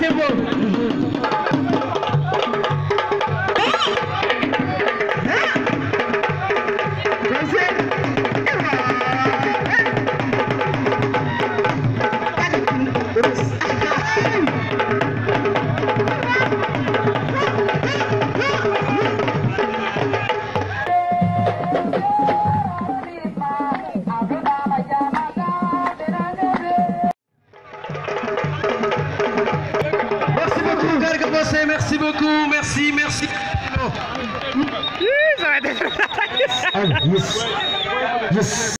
c'est bon. passé, merci beaucoup, merci, merci. Oh. Yes. Yes.